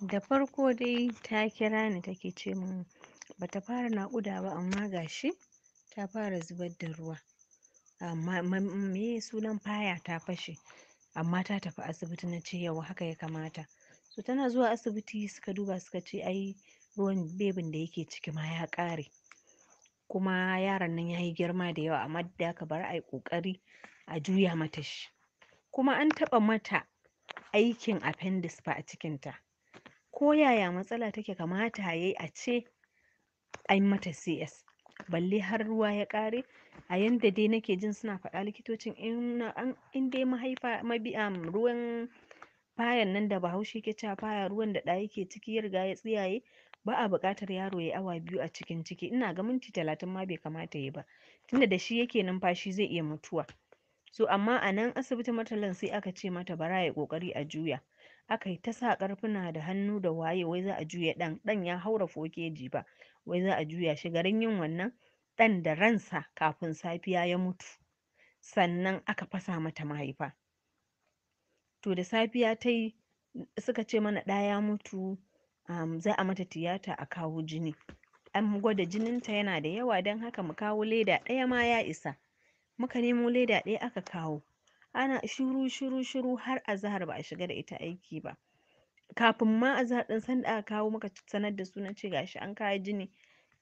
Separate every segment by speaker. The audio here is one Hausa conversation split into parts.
Speaker 1: da farko dai ta kira ni take ce min bata fara naƙuda ba amma gashi ta fara zubar da ruwa amma me sunan faya ta fashe amma ta tafi asibiti na ce yau haka ya kamata so tana zuwa asibiti suka duba suka ce ai ruwan bebin da yake ciki ma ya ƙare kuma yaron nan ya yi girma da yawa amma da aka bar a ƙoƙari a juya mata shi kuma an taɓa mata aikin appendix ba a cikinta ko yaya matsala take kamata yayi a ce an mata cs balle har ruwa ya ƙare a yanda dai nake jin suna faɗa likitocin in dai mahaifa mabi'a ruwan fayan nan da bahaushe ke cewa faya ruwan da ɗaya ke ciki ya riga ya tsiyaye ba a buƙatar yaro ya awa biyu a cikin ciki ina ga minti talatin ma bai kamata ya ba tunda da shi yake numfashi zai iya mutuwa so amma a nan asibitin matalan sai aka ce mata bara ya ƙoƙari a juya aka yi ta sa karfuna da hannu da waye wai za a juya ɗan ɗan ya haura fokeji ba wai za a juya shi garin yin wannan ɗan da ransa kafin safiya ya mutu sannan aka fasa mata mahaifa to da safiya ta yi suka ce mana ɗa ya mutu um, za a mata tiyata a kawo jini an gwada jininta yana da yawa don haka mu kawo leda ɗaya ma ya isa muka nemo leda ɗaya aka kawo ana shiru shiru shiru har azahar ba a shiga da ita aiki ba kafin ma azahar din sanda aka kawo maka sanar da su na ce gashi an kawo jini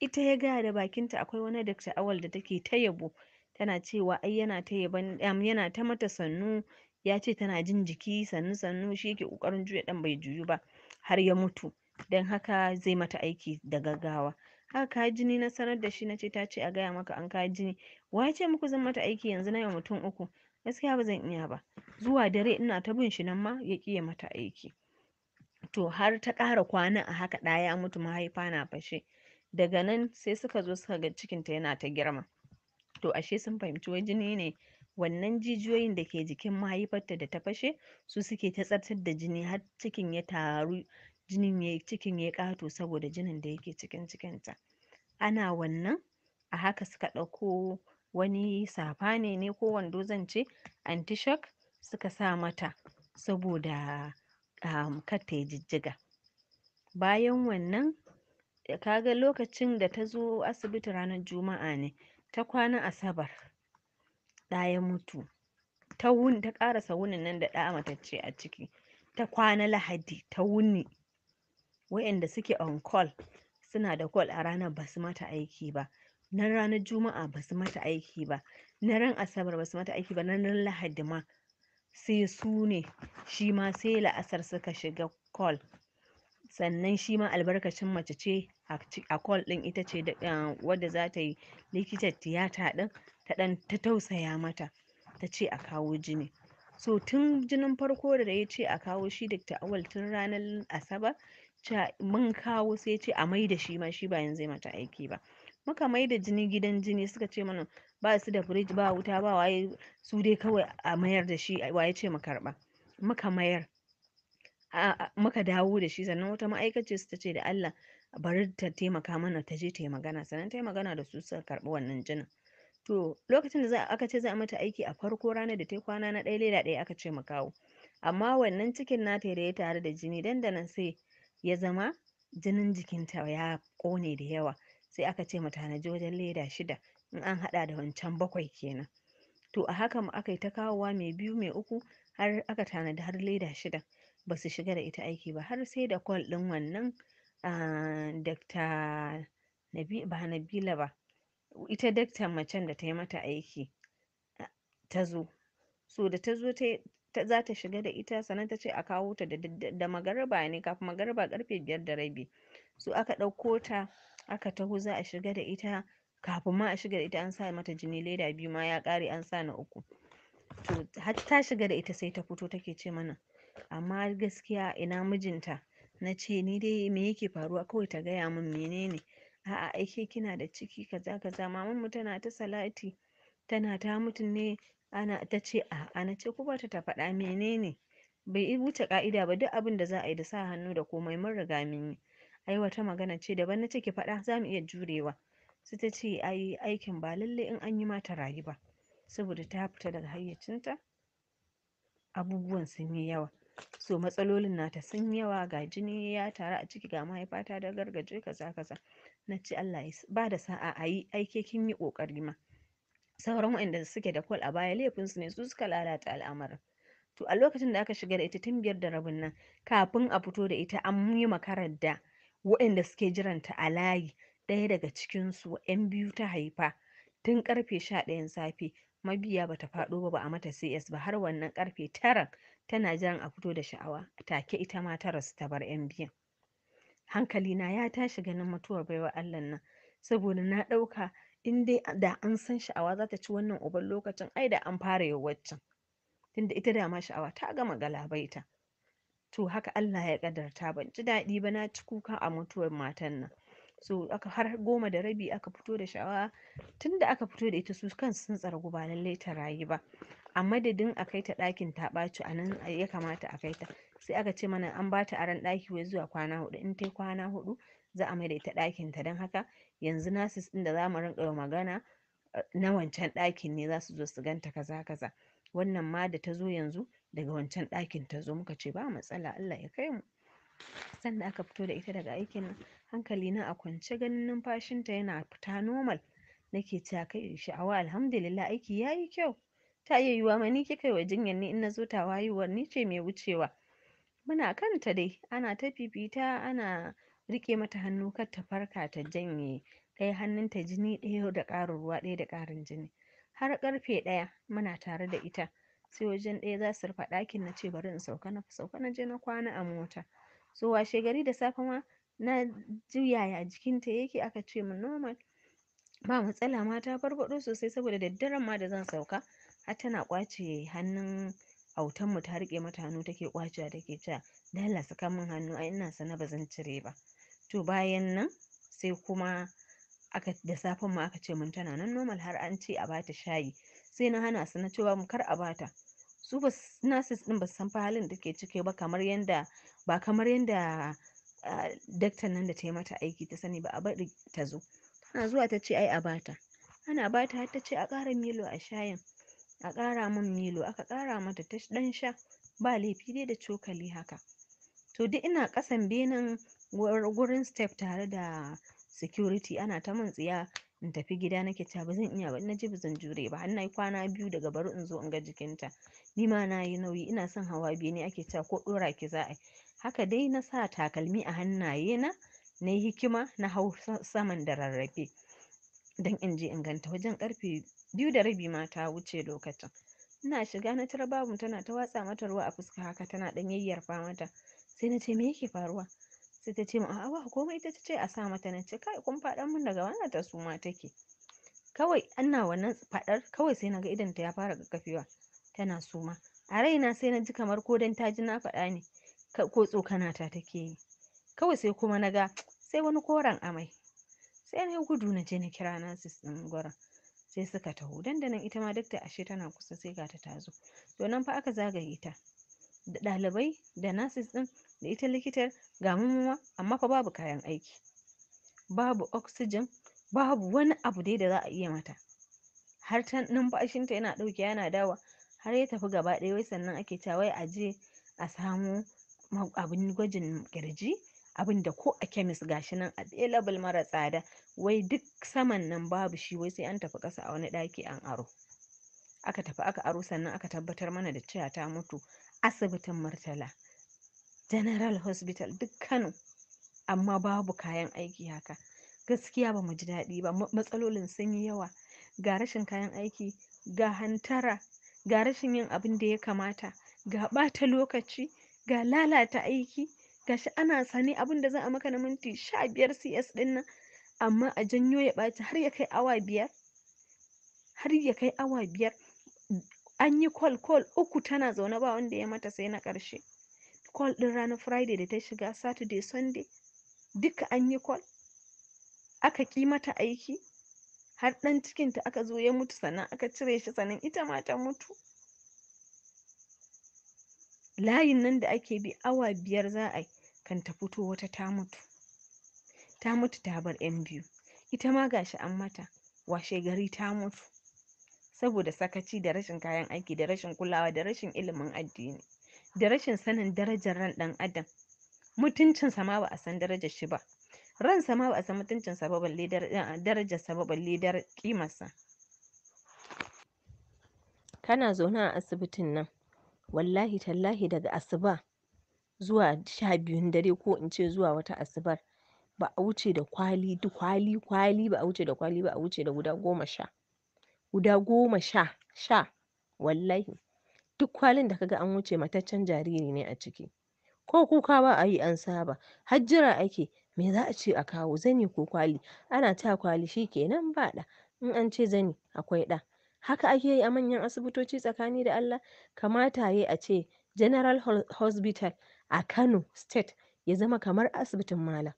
Speaker 1: ita ya gaya da bakinta akwai wani dakta awal da take ta yabo tana cewa ai yana ta yaban yana ta mata sannu ya ce tana jin jiki sannu sannu shi yake kokarin juya dan bai juyu ba har ya mutu dan haka zai mata aiki da gaggawa haka kawo jini na sanar da shi na ce ta ce a gaya maka an kawo jini wa ce muku zan mata aiki yanzu na mutum uku gaskiya ba zan iya ba zuwa dare ina ta bin shi nan ma ya ƙi mata aiki to har ta ƙara kwana a haka ɗaya ya mutu mahaifa na fashe daga nan sai suka zo suka ga cikinta yana ta girma to ashe sun fahimci wai jini ne wannan jijiyoyin da ke jikin mahaifarta da ta fashe su suke ta tsartar da jini har cikin ya taru jinin ya cikin ya ƙato saboda jinin da yake cikin cikinta ana wannan a haka suka ɗauko wani safa ne ne ko wando zan ce antishok suka sa mata saboda um, kar jijjiga bayan wannan kaga lokacin da ta zo asibiti ranar juma'a ne ta kwana asabar ɗa ya mutu ta wuni ta ƙarasa wunin nan da ɗa matacce a ciki ta kwana lahadi ta wuni wa'inda suke on call suna da call a ranar ba su mata aiki ba na ranar juma'a ba su mata aiki ba na ran asabar ba su mata aiki ba na ran lahadi ma sai su ne sai la'asar suka shiga call sannan shi albarkacin mace ce a call din ita ce eh, wadda zata yi likitar tiyata din ta dan ta tausaya mata ta ce a kawo jini so tun jinin farko da ya ce a kawo shi duk awal tun ranar asabar mun kawo sai ce a mai da shi ma shi ba yanzu mata aiki ba muka mai da jini gidan jini suka ce mana ba su da firij ba wuta ba waye su dai kawai a mayar da shi waye ce mu karba muka mayar muka dawo da shi sannan wata ma'aikaci su ta ce da Allah bari ta taimaka mana ta je ta yi magana sannan ta yi magana da su suka karbi wannan jinin to lokacin da za aka ce za a mata aiki a farko ranar da ta kwana na ɗaya leda ɗaya aka ce mu kawo amma wannan cikin nata da ya tare da jini dandanan sai ya zama jinin jikinta ya kone da yawa sai aka ce mu tanaji wajen leda shida in an haɗa da wancan bakwai kenan to a haka mu aka yi ta kawowa mai biyu mai uku har aka tanadi har leda shida ba su shiga da ita aiki ba har sai da kwal ɗin wannan dakta ba nabila ba ita daktar macen da ta yi mata aiki ta zo so da ta zo za ta shiga da ita sannan ta ce a kawo ta da magariba ne kafin magaraba karfe biyar da rabi so aka ɗauko ta aka taho za a shiga da ita kafin ma a shiga da ita an sa mata jini leda biyu ma ya ƙare an sa na uku to har ta shiga da ita sai ta fito take ce mana amma gaskiya ina mijinta na ce ni dai me yake faruwa kawai ta gaya min menene a'a aike kina da ciki kaza kaza maman mu tana ta salati tana ta mutun ne ana ta ce a'a na ce ku bata ta faɗa menene bai wuce ƙa'ida ba duk abin da za a yi da sa hannu da komai mun riga mun yi ai wata magana ce daban na ce faɗa za mu iya jurewa sai ta ce ai aikin ba lallai in an yi mata rayu ba saboda ta fita daga hayyacinta abubuwan sun yi yawa so matsalolin nata sun yawa ga jini ya taru a ciki ga mahaifa ta da gargaje kaza kaza na ce Allah ya ba da sa'a a yi aike kin yi kokari ma sauran waɗanda suke da kwal a baya laifin su ne su suka lalata al'amarin to a lokacin da aka shiga da ita tun biyar da rabin nan kafin a fito da ita an yi makarar da waɗanda suke jiranta a layi ɗaya daga cikinsu yan biyu ta haifa tun karfe sha ɗayan safe mabiya ba ta faɗo ba ba a mata cs ba har wannan karfe taran tana jiran a fito da sha'awa take ita ma ta rasu ta bar yan biyan hankalina ya tashi ganin mutuwar baiwa allah nan saboda na ɗauka in dai da an san sha'awa za ta ci wannan uban lokacin ai da an fara yawancin, tunda ita dama sha'awa ta gama galabaita to haka Allah ya kadarta ban ji daɗi ba na ci kuka a mutuwar matan nan so aka har goma da rabi aka fito da shawa tunda aka fito da ita su kan sun tsargu ba lallai ta rayu ba a madadin a kai ta ɗakin ta ɓaci a nan ya kamata a kai ta sai aka ce mana an bata aran ɗaki wai zuwa kwana hudu in ta kwana hudu za a mai da ita ɗakin ta don haka yanzu nasis ɗin da za mu rinka magana eh, na wancan ɗakin ne za su zo su ganta kaza kaza wannan ma da ta zo yanzu daga wancan ɗakin ta zo muka ce ba matsala Allah ya kai mu sanda aka fito da ita daga aikin hankali na a kwance ganin numfashinta yana fita normal nake ta kai sha'awa alhamdulillah aiki yayi kyau ta iya yiwa ma ni kika wa jinyar ni in na zo ta wayewar ni ce mai wucewa muna kanta dai ana ta fifita ana rike mata hannu kar ta farka ta janye ɗaya hannunta jini ɗaya da ƙarin ruwa ɗaya da ƙarin jini har ƙarfe ɗaya muna tare da ita sai wajen ɗaya za su rufe ɗakin na ce bari in sauka na sauka na je na kwana a mota so washe gari da safe ma na ji yaya jikinta yake aka ce min normal ba matsala ma ta farfaɗo sosai saboda daddaren ma da zan sauka har tana ƙwace hannun autan mu ta riƙe mata hannu take ƙwacewa take cewa dala saka min hannu ai ina sana ba zan cire ba to bayan nan sai kuma aka da safen ma aka ce min tana nan normal har an ce a bata shayi sai na hana su na cewa mu kar a bata su ba nurses din ba san halin da ke ciki ba kamar yanda ba kamar yanda ah, daktar nan da ta yi mata aiki ta sani ba a bari ta zo tana zuwa ta ce ai a bata ana bata har ta ce a ƙara milo a shayin a ƙara min milo aka ƙara mata ta ɗan sha ba laifi dai da cokali haka to duk ina ƙasan benen gurin step tare da security ana ta min tsiya in tafi gida nake cewa ba zan iya ba na ji ba zan jure ba har na kwana biyu daga bari in zo in ga jikinta ni ma na yi nauyi ina son hawa biyu ne ake cewa ko ɗora ki za a yi haka dai na sa takalmi a hannaye na na yi hikima na hau saman da rarrafe dan in je in ganta wajen karfe biyu da rabi ma ta wuce lokacin ina shiga na tara babu tana ta watsa mata ruwa a fuska haka tana ɗan yayyarfa mata sai na ce me yake faruwa sai ta ce ma a'a ba komai ita ce a sa mata na ce kai kun faɗan mun daga wannan ta suma take kawai ana wannan faɗar kawai sai naga idonta ya fara kakkafewa tana suma a raina sai na ji kamar ko dan ta ji na faɗa ne ko tsokana ta take yi kawai sai kuma naga sai wani koren amai sai na gudu na je na kira nasis ɗin gwaran sai suka taho dandanan ita ma dakta ashe tana kusa sai ga ta tazo to nan fa aka zagaye ta da ɗalibai da nasis ɗin da ita likitar ga mummuwa amma fa babu kayan aiki babu oxygen babu wani abu dai da za a iya mata har ta numfashinta yana ɗauke yana dawa har ya tafi gaba ɗaya wai sannan ake cewa wai a je a samo abin gwajin kirji abin da ko a kemis shi nan available mara tsada wai duk saman nan babu shi wai sai an tafi ƙasa a wani ɗaki an aro aka tafi aka aro sannan aka tabbatar mana da cewa ta mutu asibitin murtala general hospital duk kano amma babu kayan aiki haka gaskiya ba mu ji daɗi ba matsalolin sun yi yawa ga rashin kayan aiki ga hantara ga rashin yin abin da ya kamata ga ɓata lokaci ga lalata aiki Ga shi ana sane abin da za a maka na minti sha biyar cs ɗin nan amma a janyo ya ɓaci har ya kai awa biyar har ya kai awa biyar an yi kwal-kwal uku tana zaune ba wanda ya mata sai na ƙarshe call din ranar friday da ta shiga saturday sunday duka an yi call aka ƙi mata aiki har ɗan cikinta aka zo ya mutu sannan aka cire shi sannan ita ma ta mutu layin nan da ake bi awa biyar za a kan ta fito wata ta mutu ta mutu ta bar yan biyu ita ma gashi an mata washe gari ta mutu saboda sakaci da rashin kayan aiki da rashin kulawa da rashin ilimin addini da rashin sanin darajar ran ɗan adam mutuncinsa ma ba a san darajar shi ba ransa ma ba a san mutuncinsa ba balle sa ba balle dar kimarsa kana zaune a asibitin nan wallahi tallahi daga asuba zuwa sha biyun dare ko in ce zuwa wata asubar ba a wuce da kwali kwali kwali ba a wuce da kwali ba a wuce da guda goma sha guda goma sha sha wallahi duk kwalin da kaga an wuce mataccen jariri ne a ciki ko kuka ba a yi an saba har jira ake me za a ce a kawo zani ko kwali ana ta kwali shi kenan ba ɗa in an ce zani akwai ɗa haka ake yi a manyan asibitoci tsakani da Allah kamata yi a ce General Hospital a Kano State ya zama kamar asibitin malam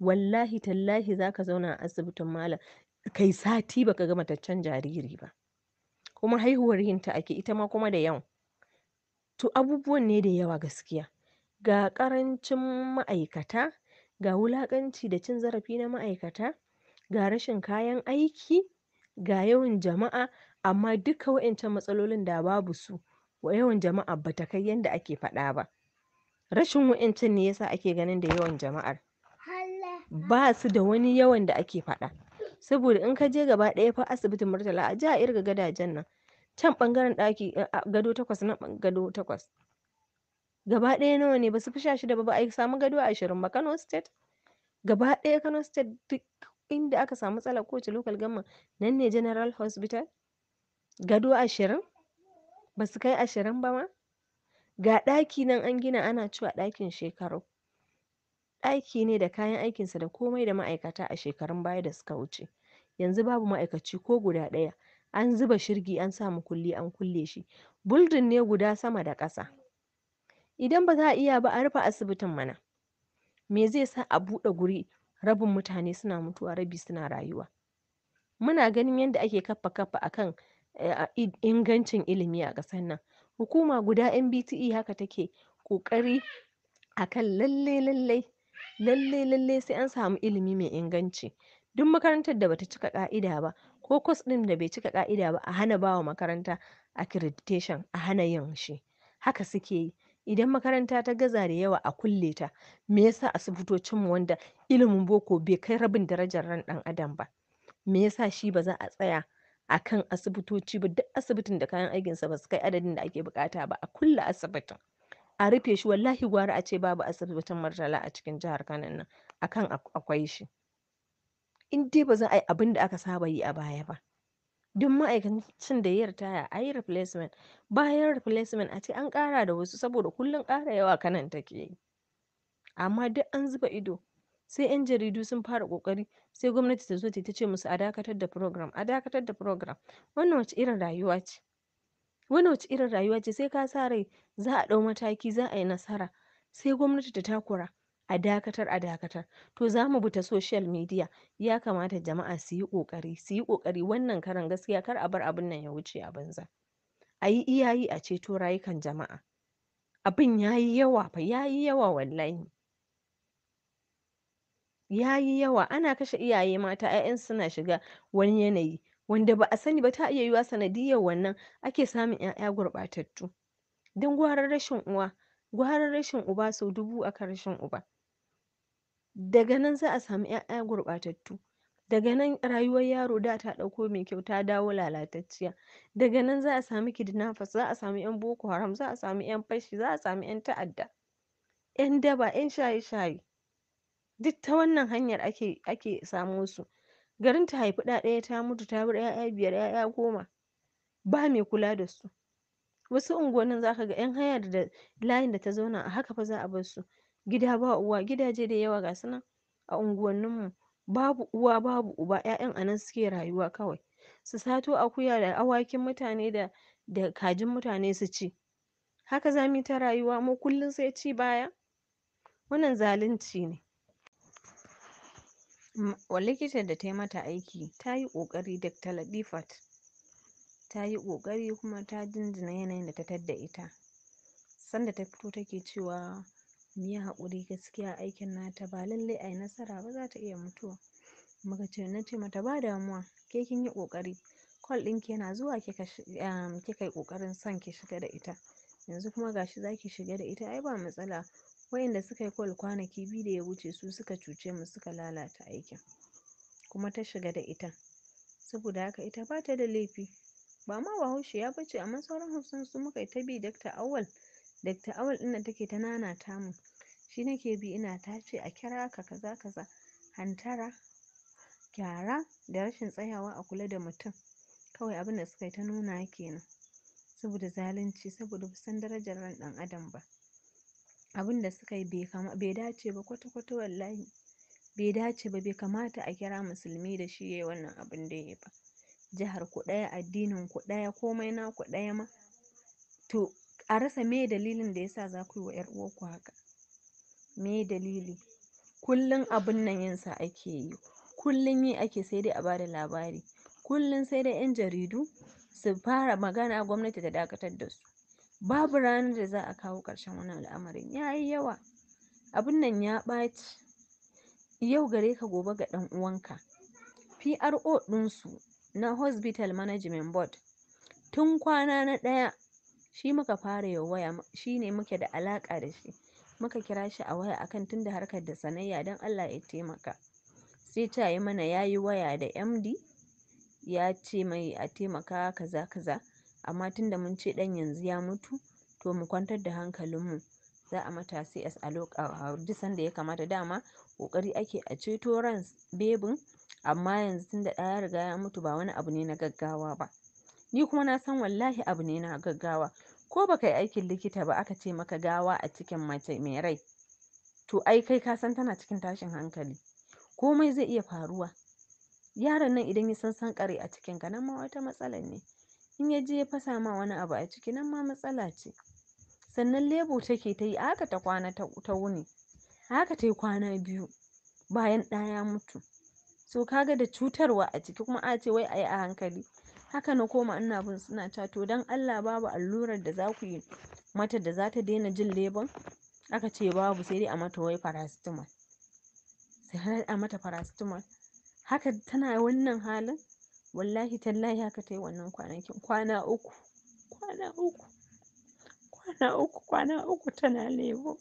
Speaker 1: wallahi tallahi zaka zauna a asibitin malam kai sati baka ga mataccen jariri ba kuma haihuwar yinta ake ita ma kuma da yawan to abubuwan ne da yawa gaskiya ga ƙarancin ma'aikata ga wulaƙanci da cin zarafi na ma'aikata ga rashin kayan aiki ga yawan jama'a amma duka wa'incan matsalolin da babu su wa yawan jama'a ba ta kai yadda ake faɗa ba rashin wa'incan ne yasa ake ganin da yawan jama'ar ba su da wani yawan da ake faɗa saboda in ka je gaba ɗaya fa asibitin murtala a jiha irga gadajen nan can ɓangaren ɗaki eh, gado takwas na gado takwas gaba ɗaya nawa ne ba su fi sha shida ba ba a samu gado ashirin ba kano state gaba ɗaya kano state duk inda aka samu matsala kowace local gama nan ne general hospital gado ashirin ba su kai ashirin ba ma ga ɗaki nan an gina ana cewa ɗakin shekaru aiki ne da kayan aikinsa da komai da ma'aikata a shekarun baya da suka wuce. Yanzu babu ma'aikaci ko guda ɗaya. An zuba shirgi an sa kulli an kulle shi. Buldin ne guda sama da ƙasa. Idan ba za a iya ba a rufe asibitin mana. Me zai sa a buɗe guri rabin mutane suna mutuwa rabi suna rayuwa. Muna ganin yadda ake kafa-kafa akan eh, ingancin ilimi a ƙasar nan. Hukuma guda bte haka take ƙoƙari akan lalle lallai lalle lalle sai an samu ilimi mai inganci duk makarantar da bata cika ka'ida ba ko kwas ɗin da bai cika ka'ida ba a hana bawa makaranta accreditation a hana yin shi haka suke yi idan makaranta ta gaza da yawa a kulle ta me yasa asibitocinmu wanda ilimin boko bai kai rabin darajar ran ɗan adam ba me yasa shi ba za a tsaya a kan asibitoci ba duk asibitin da kayan aikinsa ba su kai adadin da ake bukata ba a kulle asibitin a rufe shi wallahi gwara a ce babu asibitin murtala a cikin jihar kano nan akan akwai shi in dai ba za a yi abin da aka saba yi a baya ba duk ma'aikacin da ya ritaya a yi replacement bayan replacement a ce an ƙara da wasu saboda kullum kara yawa kanan take yi amma duk an zuba ido sai 'yan jaridu sun fara kokari sai gwamnati ta zo ta ce musu a dakatar da program a dakatar da program wannan wace irin rayuwa ce Wani wace irin rayuwa ce sai ka sa rai za a ɗau mataki za a yi nasara sai gwamnati ta takura a dakatar a dakatar to za mu bi ta social media ya kamata jama'a su yi ƙoƙari su yi ƙoƙari wannan karan gaskiya kar a bar abin nan ya wuce a banza a yi iyayi a ceto rayukan jama'a abin ya yi yawa fa ya yi yawa wallahi ya yi yawa ana kashe iyaye mata 'ya'yan suna shiga wani yanayi wanda ba a sani ba ta iya yiwuwa sanadiyyar wannan ake samun 'ya'ya gurɓatattu don gwarar rashin uwa gwarar rashin uba sau dubu akan rashin uba daga nan za a samu 'ya'ya gurɓatattu daga nan rayuwar yaro da ta ɗauko mai kyau ta dawo lalatacciya daga nan za a sami kidnappers za a sami 'yan boko haram za a sami 'yan fashi za a sami 'yan ta'adda 'yan daba 'yan shaye-shaye duk ta wannan hanyar ake ake samo su garin ta haifi ɗa ɗaya ta mutu ta bar ƴaƴa biyar ƴaƴa goma ba mai kula da su wasu unguwannin zaka ga 'yan haya da layin da ta zauna a haka fa za a bar su gida ba uwa gidaje da yawa ga sunan a unguwannin mu babu uwa babu uba 'ya'yan anan suke rayuwa kawai su sato akuya da awakin mutane da da kajin mutane su ci haka za mu yi ta rayuwa mu kullum sai ci baya wannan zalunci ne wa likitar da ta yi mata aiki ta yi ƙoƙari da Latifat ta yi ƙoƙari kuma ta jinjina yanayin da ta tadda ita sanda ta fito take cewa mu haƙuri gaskiya aikin nata ba lallai a yi nasara ba za ta iya mutuwa muka ce na ce mata ba damuwa ke kin yi ƙoƙari kwal ɗinki yana zuwa um, kika yi ƙoƙarin son ki shiga da ita yanzu kuma gashi za ki shiga da ita ai ba matsala wayanda suka yi kwal kwanaki biyu da ya wuce su suka cuce mu suka lalata aikin kuma ta shiga da ita saboda haka ita ba ta da laifi ba ma bahaushe ya bace amma sauran hausan su muka ta bi dakta awal dakta awal ɗin take ta nanata mu shi nake bi ina ta ce a kira ka kaza kaza hantara gyara da rashin tsayawa a kula da mutum kawai abin da suka yi ta nuna kenan saboda zalunci saboda san darajar ran ɗan adam ba abin da suka yi bai dace ba kwata-kwata wallahi bai dace ba bai kamata a kira musulmi da shi yayi wannan abin da yayi ba jihar ku ɗaya addinin ku ɗaya komai naku ɗaya ma to a rasa me dalilin da yasa za ku yi wa 'yar uwarku haka me dalili kullum abin nan yinsa ake yi kullum yi ake sai dai a bada labari kullum sai dai 'yan jaridu su fara magana gwamnati ta dakatar da su babu ranar da za a kawo ƙarshen wannan al'amarin ya yi yawa abin nan ya ɓaci yau gare ka gobe ga ɗan uwanka pro ɗinsu na hospital management board tun kwana na ɗaya shi muka fara yau waya shi ne muke da alaƙa da shi muka kira shi a waya akan tunda harkar da sanayya don allah ya taimaka sai ta yi mana ya yi waya da md ya ce mai a taimaka kaza kaza amma tunda mun ce ɗan yanzu ya mutu to mu kwantar da hankalinmu za a mata CS a duk sanda ya kamata dama ƙoƙari ake a ceto ran bebin amma yanzu tunda ɗa ya riga ya mutu ba wani abu ne na gaggawa ba ni kuma na san wallahi abu ne na gaggawa ko baka yi aikin likita ba aka ce maka gawa a cikin mace mai rai to ai kai ka san tana cikin tashin hankali komai zai iya faruwa yaron nan idan ya san kare a cikin ka nan ma wata matsalar ne in ya je ya fasa ma wani abu a ciki nan ma matsala ce sannan lebo take ta yi haka ta kwana ta wuni haka ta yi kwana biyu bayan ɗaya ya mutu so kaga da cutarwa a ciki kuma a ce wai a yi a hankali haka na koma ina bin suna cewa to don allah babu allurar da za ku yi mata da za ta daina jin lebon aka ce babu sai dai a mata wai paracetamol sai a mata paracetamol haka tana wannan halin wallahi tallahi haka ta yi wannan kwanakin kwana uku kwana uku kwana uku kwana uku tana lebo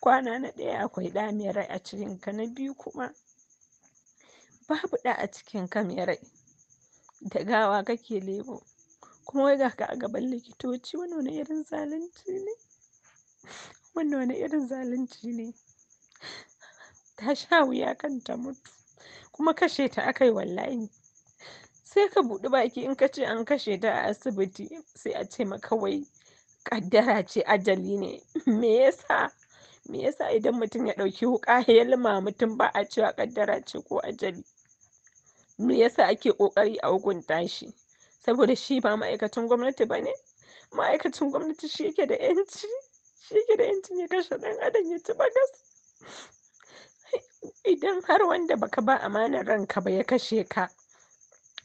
Speaker 1: kwana na ɗaya akwai ɗa mai rai a cikinka na biyu kuma babu ɗa a cikinka mai rai da gawa kake lebo kuma wai ga ka a gaban likitoci wani wani irin zalunci ne wani wani irin zalunci ne ta sha wuya kan ta mutu kuma kashe ta aka wallahi sai ka buɗi baki in ka ce an kashe ta a asibiti sai a ce maka wai kaddara ce ajali ne me yasa me yasa idan mutum ya ɗauki wuƙa ya lima mutum ba a cewa kaddara ce ko ajali me yasa ake ƙoƙari a hukunta shi saboda shi ba ma'aikacin gwamnati ba ne ma'aikacin gwamnati shi yake da yanci shi yake da yancin ya kashe ɗan adam ya ci bagas idan har wanda baka ba amanar ranka ba ya kashe ka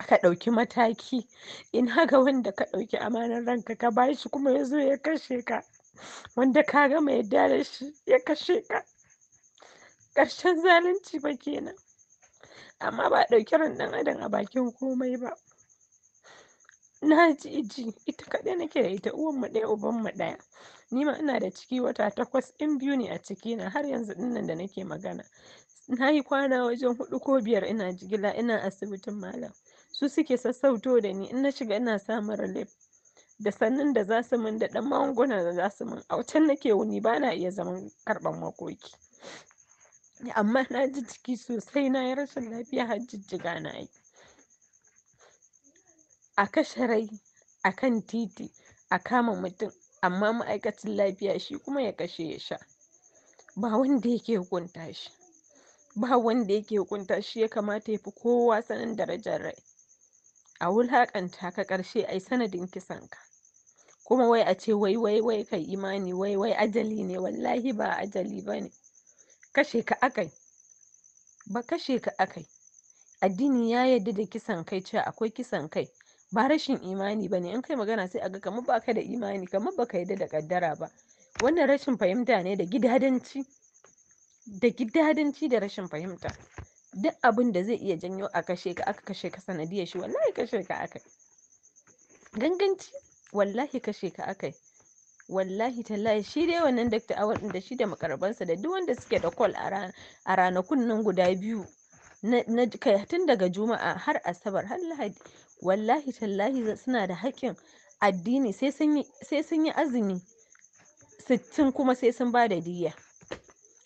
Speaker 1: ka ɗauki mataki in haka wanda ka ɗauki amanar ranka ka bashi kuma ya zo ya kashe ka wanda ka gama ya dare shi ya kashe ka ƙarshen zalunci ba kenan amma ba ɗauki ran ɗan adam a bakin komai ba na ji iji ita kaɗai nake da ita uwanmu ɗaya ubanmu ɗaya ni ma ina da ciki wata takwas in biyu ne a ciki na har yanzu ɗinnan da nake magana na yi kwana wajen huɗu ko biyar ina jigila ina asibitin malam su suke sassauto da ni in na shiga ina samun relief da sannin da za su min da ɗan magungunan da za su min a can nake wuni ba na iya zaman karɓar makoki amma na ji jiki sosai na yi rashin lafiya har jijjiga na yi a kashe rai a kan titi a kama mutum amma ma'aikacin lafiya shi kuma ya kashe ya sha ba wanda yake hukunta shi ba wanda yake hukunta shi ya kamata ya fi kowa sanin darajar rai a wulaƙanta ka ƙarshe ai sanadin kisan ka kuma wai a ce wai wai wai kai imani wai wai ajali ne wallahi ba ajali ba ne kashe ka akai ba kashe ka akai addini ya yadda da kisan kai cewa akwai kisan kai ba rashin imani ba ne in kai magana sai a ga kamar ba ka da imani kamar ba ka yadda da ƙaddara ba wannan rashin fahimta ne da gidadanci da gidadanci da rashin fahimta duk abin da zai iya janyo a kashe ka aka kashe ka sanadiyar shi wallahi kashe ka aka ganganci wallahi kashe ka aka wallahi tallahi shi dai wannan dakta awar da shi da makarabansa da duk wanda suke da call a ranakun nan guda biyu na kai tun daga juma'a har asabar har lahadi wallahi tallahi suna da haƙƙin addini sai sun yi azumi sittin kuma sai sun ba da diyya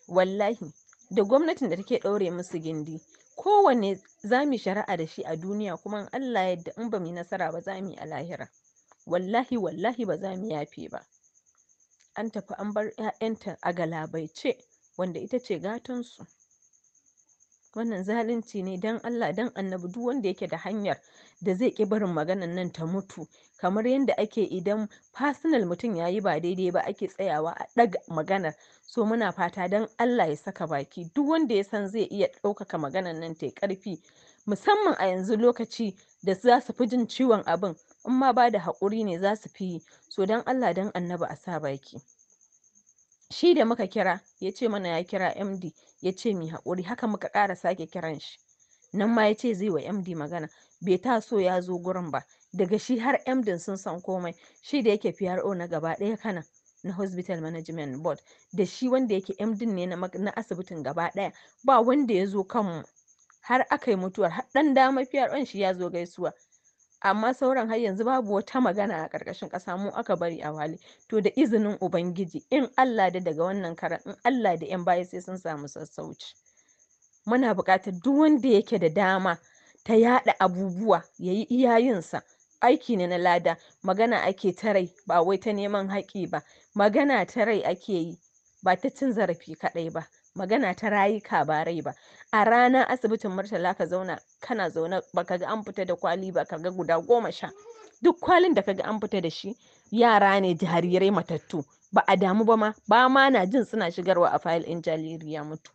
Speaker 1: wallahi da gwamnatin da take ɗaure musu gindi kowane za mu shari'a da shi a duniya kuma Allah yadda in ba mu yi nasara ba za mu yi a lahira wallahi wallahi ba za mu yafe ba an tafi an bar 'ya'yanta a galabaice wanda ita ce su wannan zalunci ne dan Allah dan annabi duk wanda yake da hanyar da zai ƙi barin maganan nan ta mutu kamar yadda ake idan personal mutum yayi ba daidai ba ake tsayawa a ɗaga maganar so muna fata dan Allah ya saka baki duk wanda ya san zai iya ɗaukaka maganan nan ta ƙarfi musamman a yanzu lokaci da za su fi jin ciwon abin in ma ba da haƙuri ne za su fi yi so don Allah dan annabi a sa baki shi da muka kira ya ce mana ya kira md ya ce mai haƙuri haka muka ƙara sake kiran shi nan ma ya ce zai wa md magana bai ta so ya zo gurin ba daga shi har md sun san komai shi da yake pro na gaba ɗaya kana na hospital management board da shi wanda yake md ne na asibitin gaba ɗaya ba wanda ya zo kanmu har aka yi mutuwar har ɗan dama pron shi ya zo gaisuwa amma sauran har yanzu babu wata magana a ƙarƙashin ƙasa mu aka bari a wale to da izinin ubangiji in Allah da daga wannan kara in Allah da yan baya sai sun samu sassauci muna buƙatar duk wanda yake da dama ta yaɗa abubuwa ya yi iyayensa aiki ne na lada magana ake ta rai ba wai ta neman haƙƙi ba magana ta rai ake yi ba ta cin zarafi kaɗai ba magana ta rayuka ba rai ba a ranar asibitin murtala ka zauna kana zaune baka ga an fita da kwali ba ka ga guda goma sha duk kwalin da ka ga an fita da shi yara ne jarirai matattu ba a damu ba ma ba ma na jin suna shigarwa a fayil in jariri ya mutu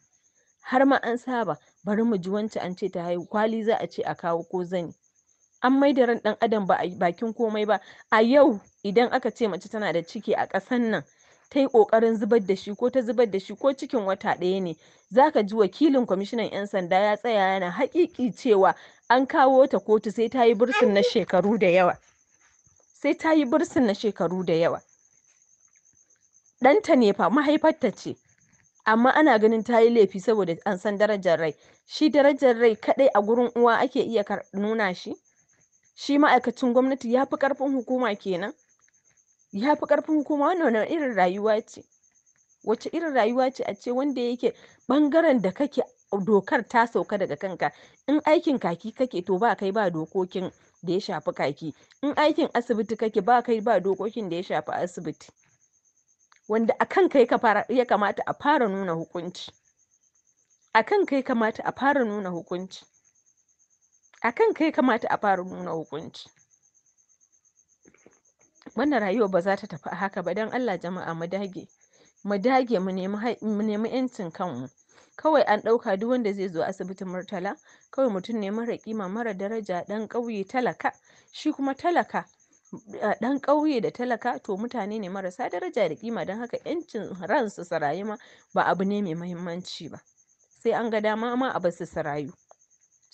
Speaker 1: har ma an saba bari mu ji wancan an ce ta haihu kwali za a ce a kawo ko zani an mai da ran ɗan adam ba a bakin komai ba a yau idan aka ce mace tana da ciki a ƙasan nan ta yi ƙoƙarin zubar da shi ko ta zubar da shi ko cikin wata ɗaya ne za ka ji wakilin kwamishinan 'yan sanda ya tsaya yana haƙiƙi cewa an kawo ta kotu sai ta yi bursin na shekaru da yawa sai ta yi bursin na shekaru da yawa ɗanta ne fa mahaifarta ce amma ana ganin ta yi laifi saboda an san darajar rai shi darajar rai kaɗai a gurin uwa ake iya nuna shi shi ma'aikacin gwamnati ya fi ƙarfin hukuma kenan ya fi ƙarfin kuma wannan wani irin rayuwa ce wace irin rayuwa ce a ce wanda yake ɓangaren da kake dokar ta sauka daga kanka in aikin kaki kake to ba kai ba dokokin da ya shafi kaki in aikin asibiti kake ba kai ba dokokin da ya shafi asibiti wanda a kan kai ya kamata a fara nuna hukunci a kan kai kamata a fara nuna hukunci a kan kai kamata a fara nuna hukunci wannan rayuwa ba za ta tafi a haka ba don Allah jama'a mu dage mu dage mu nemi yancin kanmu kawai an ɗauka duk wanda zai zo asibitin murtala kawai mutum ne mara kima mara daraja ɗan ƙauye talaka shi kuma talaka ɗan ƙauye da talaka to mutane ne marasa daraja da kima don haka yancin ransu su rayu ma ba abu ne mai muhimmanci ba sai an ga dama ma a basu su rayu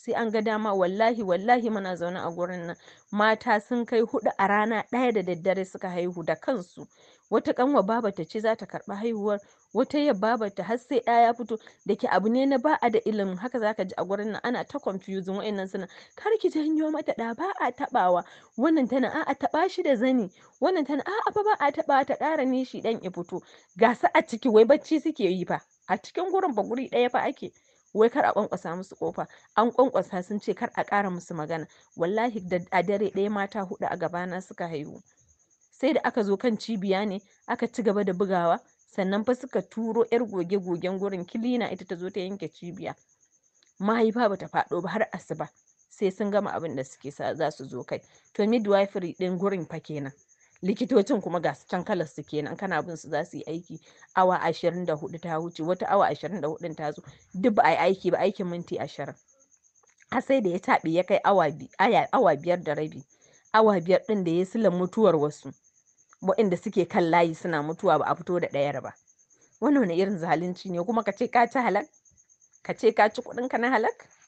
Speaker 1: sai an ga dama wallahi wallahi mana zaune a gurin nan mata sun kai hudu a rana ɗaya da daddare suka haihu da kansu wata kanwa baba ta ce za ta karɓi haihuwar wata ya baba ta har sai ɗaya ya fito da ke abu ne na ba a da ilimin haka za ka ji a gurin nan ana ta confusing wa'annan suna kar ki janyo mata da ba a tabawa wannan tana a a taba shi da zani wannan tana a a fa ba a taba ta ƙara nishi ɗan ya fito gasa a ciki wai bacci suke yi fa a cikin gurin ba guri ɗaya fa ake wai kar a kwankwasa musu kofa an kwankwasa sun ce kar a ƙara musu magana wallahi da a dare ɗaya mata hudu a gabana suka haihu sai da aka zo kan cibiya ne aka ci gaba da bugawa sannan fa suka turo yar goge-gogen gurin kilina ita ta zo ta yanke cibiya mahaifa bata faɗo ba har asuba sai sun gama abin da suke sa za su zo kai to midwifery ɗin gurin fa kenan likitocin kuma ga su can kalar su kenan kana bin su za su yi aiki awa 24 ta wuce wata awa 24 ta zo duk ba a yi aiki ba aikin minti ashirin. har sai da ya taɓe ya kai awa biyar da rabi awa biyar ɗin da ya silan mutuwar wasu waɗanda suke kan layi suna mutuwa ba a fito da ɗayar ba wannan wani irin zalunci ne kuma ka ce ka ci halak ka ce ka ci ka na halak